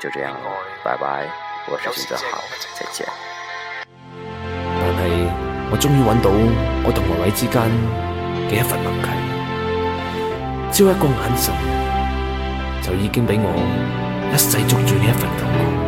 就這樣，拜拜，我休息咗下，再見。但是我終於揾到我同維維之間嘅一份默契，只要一個眼神，就已經俾我一世捉住呢份感覺。